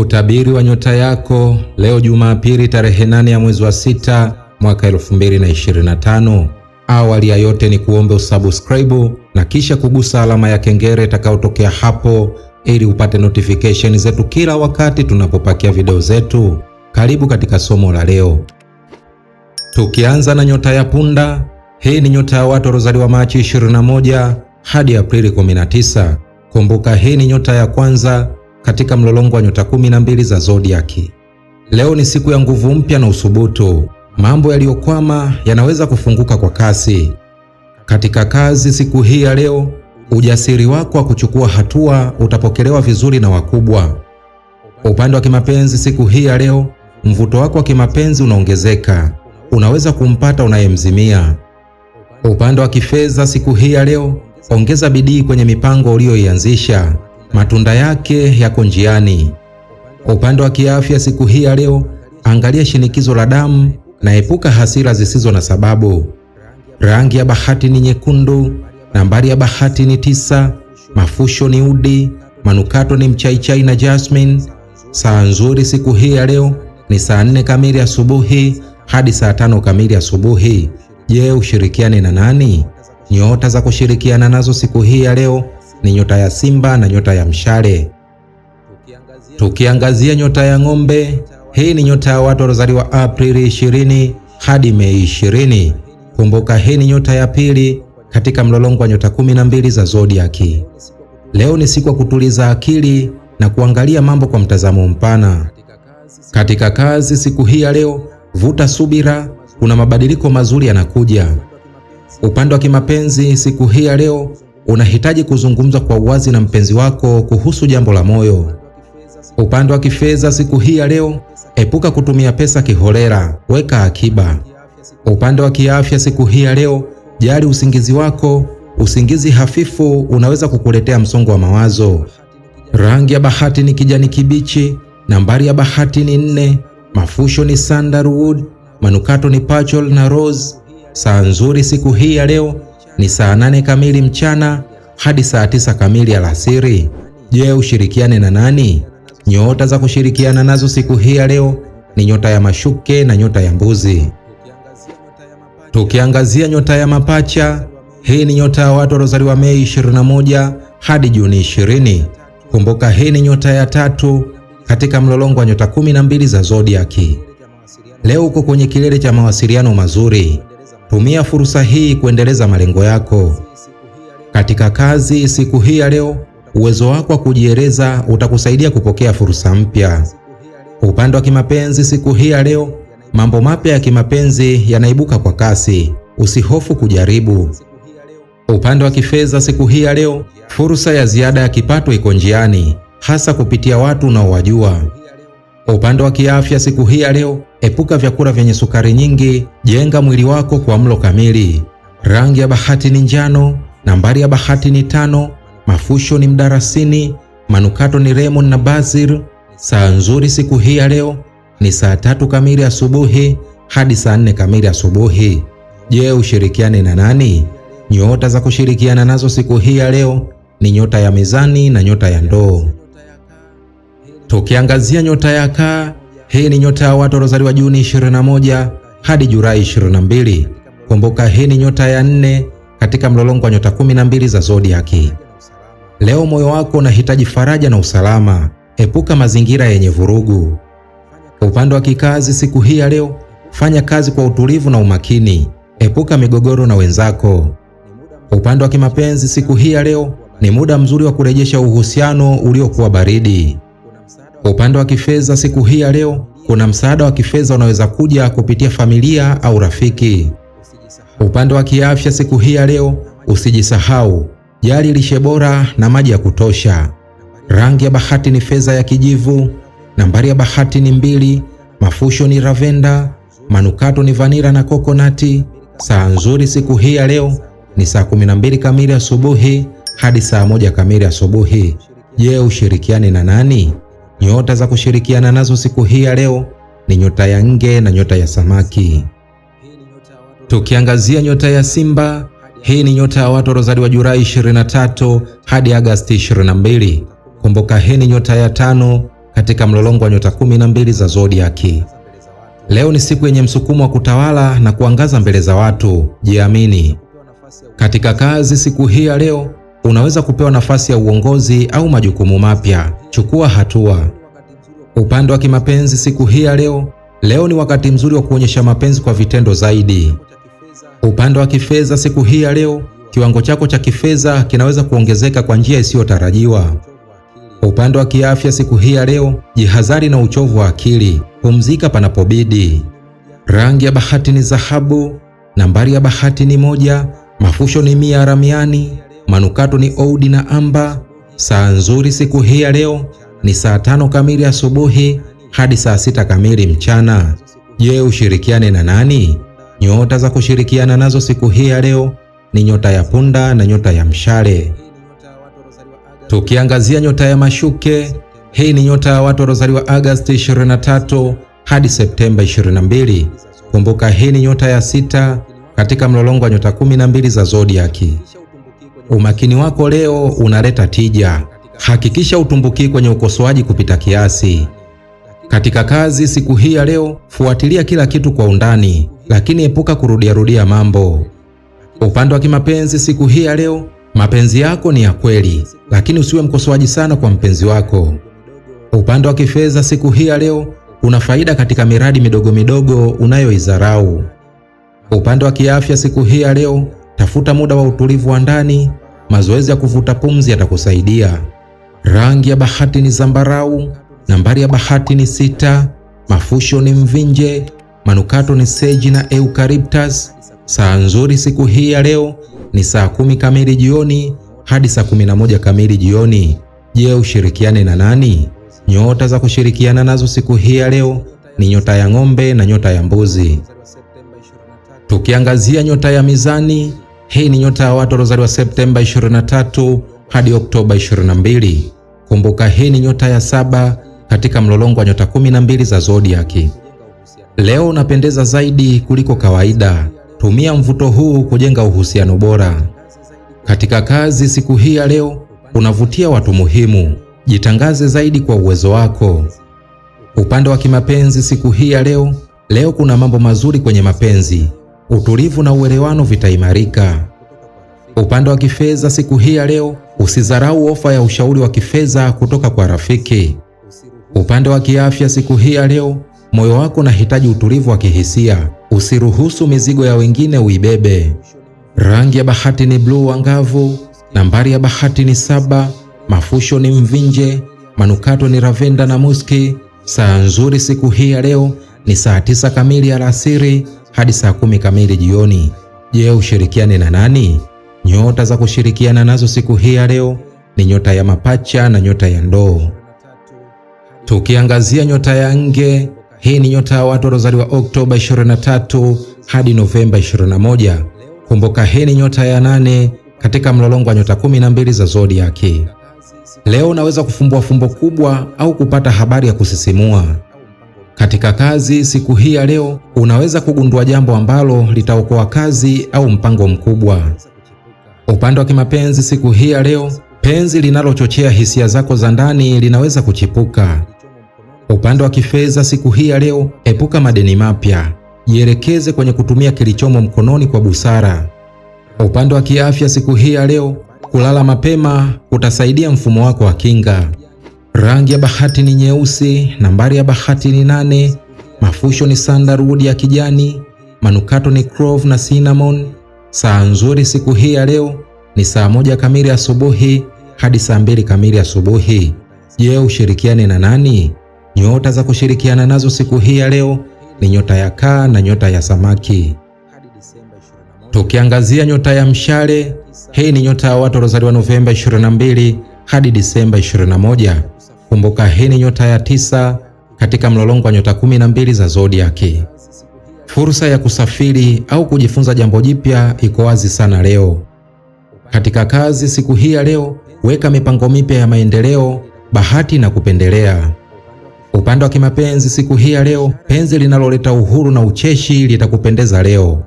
Utabiri wa nyota yako leo Jumapili tarehe 8 ya mwezi wa sita mwaka 2025. Awali ya yote ni kuombe usubscribe na kisha kugusa alama ya kengele itakayotokea hapo ili upate notification zetu kila wakati tunapopakia video zetu. Karibu katika somo la leo, tukianza na nyota ya punda. Hii ni nyota ya watu waliozaliwa Machi 21 hadi Aprili 19. Kumbuka, hii ni nyota ya kwanza katika mlolongo wa nyota kumi na mbili za zodiaki. Leo ni siku ya nguvu mpya na usubutu Mambo yaliyokwama yanaweza kufunguka kwa kasi. Katika kazi siku hii ya leo, ujasiri wako wa kuchukua hatua utapokelewa vizuri na wakubwa. Upande wa kimapenzi siku hii ya leo, mvuto wako wa kimapenzi unaongezeka, unaweza kumpata unayemzimia. Upande wa kifedha siku hii ya leo, ongeza bidii kwenye mipango uliyoianzisha, matunda yake yako njiani. Kwa upande wa kiafya, siku hii ya leo, angalia shinikizo la damu na epuka hasira zisizo na sababu. Rangi ya bahati ni nyekundu. Nambari ya bahati ni tisa. Mafusho ni udi. Manukato ni mchaichai na jasmine. Saa nzuri siku hii ya leo ni saa nne kamili asubuhi hadi saa tano kamili asubuhi. Je, ushirikiane na nani? Nyota za kushirikiana nazo siku hii ya leo ni nyota ya Simba na nyota ya Mshale. Tukiangazia nyota ya Ng'ombe, hii ni nyota ya watu waliozaliwa Aprili 20 hadi Mei 20. Kumbuka, hii ni nyota ya pili katika mlolongo wa nyota 12 za zodiaki. Leo ni siku ya kutuliza akili na kuangalia mambo kwa mtazamo mpana. Katika kazi siku hii ya leo, vuta subira, kuna mabadiliko mazuri yanakuja. Upande wa kimapenzi siku hii ya leo, unahitaji kuzungumza kwa uwazi na mpenzi wako kuhusu jambo la moyo. Upande wa kifedha siku hii ya leo, epuka kutumia pesa kiholela, weka akiba. Upande wa kiafya siku hii ya leo, jali usingizi wako. Usingizi hafifu unaweza kukuletea msongo wa mawazo. Rangi ya bahati ni kijani kibichi. Nambari ya bahati ni nne. Mafusho ni sandalwood. Manukato ni pachol na rose. Saa nzuri siku hii ya leo ni saa nane kamili mchana hadi saa tisa kamili alasiri. Je, ushirikiane na nani? Nyota za kushirikiana nazo siku hii ya leo ni nyota ya mashuke na nyota ya mbuzi. Tukiangazia nyota ya mapacha, hii ni nyota ya watu waliozaliwa Mei 21 hadi Juni 20. Kumbuka hii ni nyota ya tatu katika mlolongo wa nyota 12 za zodiaki. Leo uko kwenye kilele cha mawasiliano mazuri Tumia fursa hii kuendeleza malengo yako katika kazi. Siku hii ya leo, uwezo wako wa kujieleza utakusaidia kupokea fursa mpya. Upande wa kimapenzi, siku hii ya leo, mambo mapya ya kimapenzi yanaibuka kwa kasi. Usihofu kujaribu. Upande wa kifedha, siku hii ya leo, fursa ya ziada ya kipato iko njiani, hasa kupitia watu unaowajua. Kwa upande wa kiafya siku hii ya leo, epuka vyakula vyenye sukari nyingi. Jenga mwili wako kwa mlo kamili. Rangi ya bahati ni njano. Nambari ya bahati ni tano. Mafusho ni mdarasini. Manukato ni lemon na basil. Saa nzuri siku hii ya leo ni saa tatu kamili asubuhi hadi saa nne kamili asubuhi. Je, ushirikiane na nani? Nyota za kushirikiana nazo siku hii ya leo ni nyota ya mezani na nyota ya ndoo tukiangazia nyota ya Kaa. Hii ni nyota ya watu waliozaliwa Juni 21 hadi Julai 22. Kumbuka, hii ni nyota ya nne katika mlolongo wa nyota 12 za zodiaki. Leo moyo wako unahitaji faraja na usalama. Epuka mazingira yenye vurugu. Upande wa kikazi siku hii ya leo, fanya kazi kwa utulivu na umakini. Epuka migogoro na wenzako. Upande wa kimapenzi siku hii ya leo, ni muda mzuri wa kurejesha uhusiano uliokuwa baridi. Kwa upande wa kifedha, siku hii ya leo kuna msaada wa kifedha unaweza kuja kupitia familia au rafiki. Upande wa kiafya, siku hii ya leo usijisahau, jali lishe bora na maji ya kutosha. Rangi ya bahati ni fedha ya kijivu. Nambari ya bahati ni mbili. Mafusho ni ravenda. Manukato ni vanira na kokonati. Saa nzuri siku hii ya leo ni saa 12 kamili asubuhi hadi saa moja kamili asubuhi. Je, ushirikiane na nani? Nyota za kushirikiana nazo siku hii ya leo ni nyota ya nge na nyota ya samaki. Tukiangazia nyota ya Simba, hii ni nyota ya watu waliozaliwa Julai 23 hadi Agasti 22. Kumbuka, hii ni nyota ya tano katika mlolongo wa nyota 12 za zodiaki. Leo ni siku yenye msukumo wa kutawala na kuangaza mbele za watu. Jiamini katika kazi siku hii ya leo unaweza kupewa nafasi ya uongozi au majukumu mapya. Chukua hatua. Upande wa kimapenzi siku hii ya leo, leo ni wakati mzuri wa kuonyesha mapenzi kwa vitendo zaidi. Upande wa kifedha siku hii ya leo, kiwango chako cha kifedha kinaweza kuongezeka kwa njia isiyotarajiwa. Upande wa kiafya siku hii ya leo, jihadhari na uchovu wa akili, pumzika panapobidi. Rangi ya bahati ni dhahabu. Nambari ya bahati ni moja. Mafusho ni mia. Ramiani. Manukato ni oudi na amba. Saa nzuri siku hii ya leo ni saa tano kamili asubuhi hadi saa sita kamili mchana. Je, ushirikiane na nani? Nyota za kushirikiana nazo siku hii ya leo ni nyota ya punda na nyota ya mshale. Tukiangazia nyota ya mashuke, hii ni nyota ya watu waliozaliwa Agosti 23 hadi Septemba 22. Kumbuka, hii ni nyota ya sita katika mlolongo wa nyota 12 za zodiaki. Umakini wako leo unaleta tija. Hakikisha utumbukii kwenye ukosoaji kupita kiasi. Katika kazi siku hii ya leo, fuatilia kila kitu kwa undani, lakini epuka kurudiarudia mambo. Upande wa kimapenzi siku hii ya leo, mapenzi yako ni ya kweli, lakini usiwe mkosoaji sana kwa mpenzi wako. Upande wa kifedha siku hii ya leo, una faida katika miradi midogo midogo unayoizarau. Upande wa kiafya siku hii ya leo, Tafuta muda wa utulivu wa ndani, mazoezi ya kuvuta pumzi yatakusaidia. Rangi ya bahati ni zambarau, nambari ya bahati ni sita, mafusho ni mvinje, manukato ni seji na eucalyptus. Saa nzuri siku hii ya leo ni saa kumi kamili jioni hadi saa kumi na moja kamili jioni. Je, ushirikiane na nani? Nyota za kushirikiana nazo siku hii ya leo ni nyota ya ng'ombe na nyota ya mbuzi. Tukiangazia nyota ya mizani, hii ni nyota ya watu waliozaliwa Septemba 23 hadi Oktoba 22. Kumbuka hii ni nyota ya saba katika mlolongo wa nyota 12 za zodiaki. Leo unapendeza zaidi kuliko kawaida. Tumia mvuto huu kujenga uhusiano bora. Katika kazi siku hii ya leo, unavutia watu muhimu. Jitangaze zaidi kwa uwezo wako. Upande wa kimapenzi siku hii ya leo, leo kuna mambo mazuri kwenye mapenzi utulivu na uelewano vitaimarika. Upande wa kifedha siku hii ya leo, usidharau ofa ya ushauri wa kifedha kutoka kwa rafiki. Upande wa kiafya siku hii ya leo, moyo wako unahitaji utulivu wa kihisia. Usiruhusu mizigo ya wengine uibebe. Rangi ya bahati ni bluu angavu. Nambari ya bahati ni saba. Mafusho ni mvinje. Manukato ni ravenda na muski. Saa nzuri siku hii ya leo ni saa tisa kamili alasiri hadi saa kumi kamili jioni. Je, ushirikiane na nani? Nyota za kushirikiana nazo siku hii ya leo ni nyota ya mapacha na nyota ya ndoo. Tukiangazia nyota ya nge, hii ni nyota ya watu waliozaliwa Oktoba 23 hadi Novemba 21. Kumbuka, hii ni nyota ya nane katika mlolongo wa nyota 12 za zodiaki. Leo unaweza kufumbua fumbo kubwa au kupata habari ya kusisimua. Katika kazi siku hii ya leo, unaweza kugundua jambo ambalo litaokoa kazi au mpango mkubwa. Upande wa kimapenzi siku hii ya leo, penzi linalochochea hisia zako za ndani linaweza kuchipuka. Upande wa kifedha siku hii ya leo, epuka madeni mapya, jielekeze kwenye kutumia kilichomo mkononi kwa busara. Upande wa kiafya siku hii ya leo, kulala mapema kutasaidia mfumo wako wa kinga. Rangi ya bahati ni nyeusi, nambari ya bahati ni nane, mafusho ni sandalwood ya kijani, manukato ni clove na cinnamon. Saa nzuri siku hii ya leo ni saa moja kamili asubuhi hadi saa mbili kamili asubuhi. Je, ushirikiane na nani? Nyota za kushirikiana nazo siku hii ya leo ni nyota ya kaa na nyota ya samaki. Tukiangazia nyota ya mshale, hii ni nyota ya watu waliozaliwa Novemba 22 hadi Disemba 21. Kumbuka hii ni nyota ya tisa katika mlolongo wa nyota kumi na mbili za zodiaki. Fursa ya kusafiri au kujifunza jambo jipya iko wazi sana leo. Katika kazi siku hii ya leo, weka mipango mipya ya maendeleo, bahati na kupendelea. Upande wa kimapenzi siku hii ya leo, penzi linaloleta uhuru na ucheshi litakupendeza leo.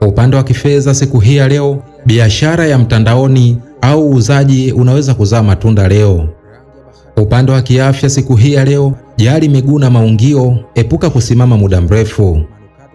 Upande wa kifedha siku hii ya leo, biashara ya mtandaoni au uuzaji unaweza kuzaa matunda leo. Upande wa kiafya siku hii ya leo, jali miguu na maungio, epuka kusimama muda mrefu.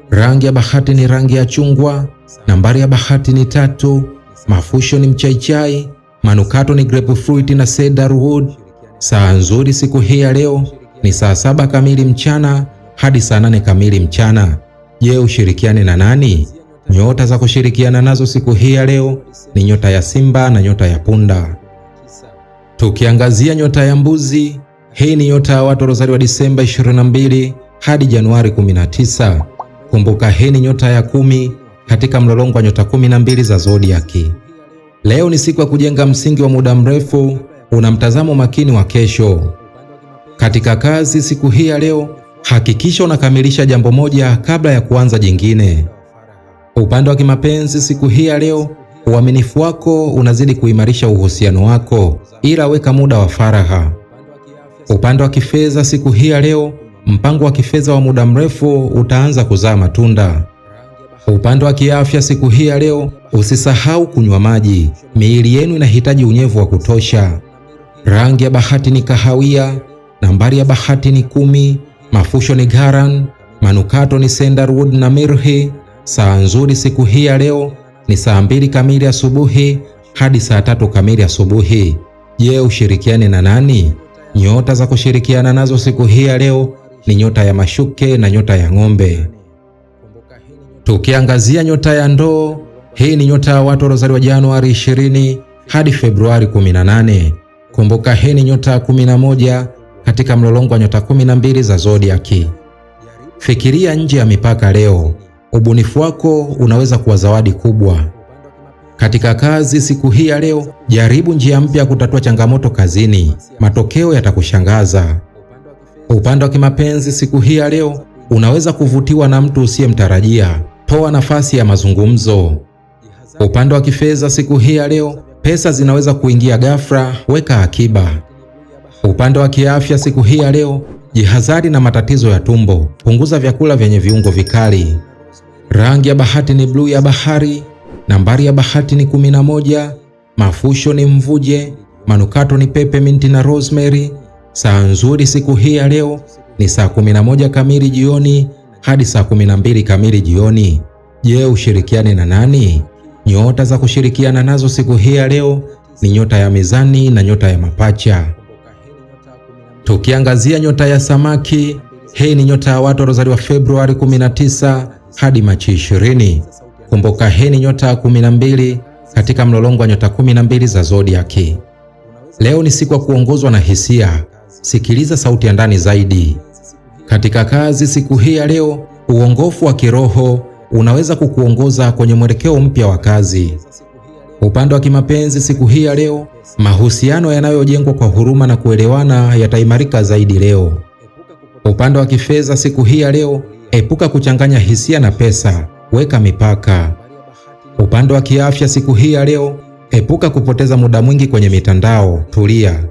Rangi ya bahati ni rangi ya chungwa. Nambari ya bahati ni tatu. Mafusho ni mchaichai. Manukato ni grapefruit na cedarwood. Saa nzuri siku hii ya leo ni saa saba kamili mchana hadi saa nane kamili mchana. Je, ushirikiane na nani? Nyota za kushirikiana nazo siku hii ya leo ni nyota ya Simba na nyota ya Punda. Tukiangazia nyota ya mbuzi, hii ni nyota ya watu waliozaliwa Disemba 22 hadi Januari 19. Kumbuka hii ni nyota ya kumi katika mlolongo wa nyota 12 za zodiaki. Leo ni siku ya kujenga msingi wa muda mrefu, una mtazamo makini wa kesho. Katika kazi siku hii ya leo, hakikisha unakamilisha jambo moja kabla ya kuanza jingine. Upande wa kimapenzi siku hii ya leo Uaminifu wako unazidi kuimarisha uhusiano wako, ila weka muda wa faraha Upande wa kifedha siku hii ya leo, mpango wa kifedha wa muda mrefu utaanza kuzaa matunda. Upande wa kiafya siku hii ya leo, usisahau kunywa maji, miili yenu inahitaji unyevu wa kutosha. Rangi ya bahati ni kahawia, nambari ya bahati ni kumi, mafusho ni garan, manukato ni sendarwood na mirhi. Saa nzuri siku hii ya leo ni saa mbili kamili asubuhi hadi saa tatu kamili asubuhi. Je, ushirikiane na nani? Nyota za kushirikiana nazo siku hii ya leo ni nyota ya mashuke na nyota ya ng'ombe. Tukiangazia nyota ya ndoo, hii ni nyota ya watu waliozaliwa Januari 20 hadi Februari 18. Kumbuka, hii ni nyota ya 11 katika mlolongo wa nyota 12 za zodiaki. Fikiria nje ya mipaka leo, Ubunifu wako unaweza kuwa zawadi kubwa. Katika kazi siku hii ya leo, jaribu njia mpya kutatua changamoto kazini. Matokeo yatakushangaza. Upande wa kimapenzi siku hii ya leo, unaweza kuvutiwa na mtu usiyemtarajia. Toa nafasi ya mazungumzo. Upande wa kifedha siku hii ya leo, pesa zinaweza kuingia ghafla, weka akiba. Upande wa kiafya siku hii ya leo, jihadhari na matatizo ya tumbo. Punguza vyakula vyenye viungo vikali. Rangi ya bahati ni bluu ya bahari. Nambari ya bahati ni kumi na moja. Mafusho ni mvuje. Manukato ni pepe minti na rosemary. Saa nzuri siku hii ya leo ni saa moja kamili jioni hadi saa mbili kamili jioni. Je, ushirikiane na nani? Nyota za kushirikiana nazo siku hii ya leo ni nyota ya mizani na nyota ya mapacha. Tukiangazia nyota ya samaki, hii ni nyota ya watu waliozaliwa Februari 19 hadi Machi ishirini. Kumbuka hii ni nyota 12 katika mlolongo wa nyota 12 za zodiaki. Leo ni siku ya kuongozwa na hisia. Sikiliza sauti ya ndani zaidi katika kazi siku hii ya leo. Uongofu wa kiroho unaweza kukuongoza kwenye mwelekeo mpya wa kazi. Upande wa kimapenzi siku hii ya leo, mahusiano yanayojengwa kwa huruma na kuelewana yataimarika zaidi leo. Upande wa kifedha siku hii ya leo, Epuka kuchanganya hisia na pesa, weka mipaka. Upande wa kiafya siku hii ya leo, epuka kupoteza muda mwingi kwenye mitandao, tulia.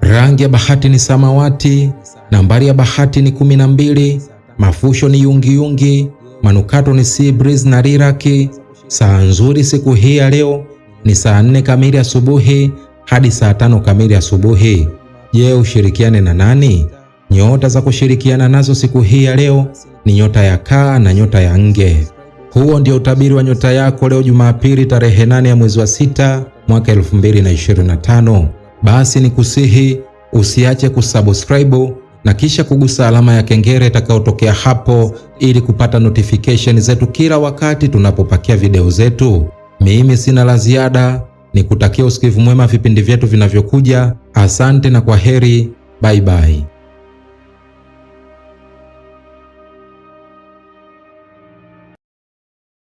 Rangi ya bahati ni samawati, nambari ya bahati ni kumi na mbili, mafusho ni yungiyungi yungi, manukato ni sea breeze na riraki. Saa nzuri siku hii ya leo ni saa nne kamili asubuhi hadi saa tano kamili asubuhi. Je, ushirikiane na nani? Nyota za kushirikiana nazo siku hii ya leo ni nyota ya kaa na nyota ya nge. Huo ndio utabiri wa nyota yako leo Jumapili tarehe 8 ya mwezi wa 6 mwaka 2025. Basi ni kusihi usiache kusubscribe na kisha kugusa alama ya kengele itakayotokea hapo ili kupata notification zetu kila wakati tunapopakia video zetu. Mimi sina la ziada, nikutakia usikivu mwema vipindi vyetu vinavyokuja. Asante na kwa heri, bye bye.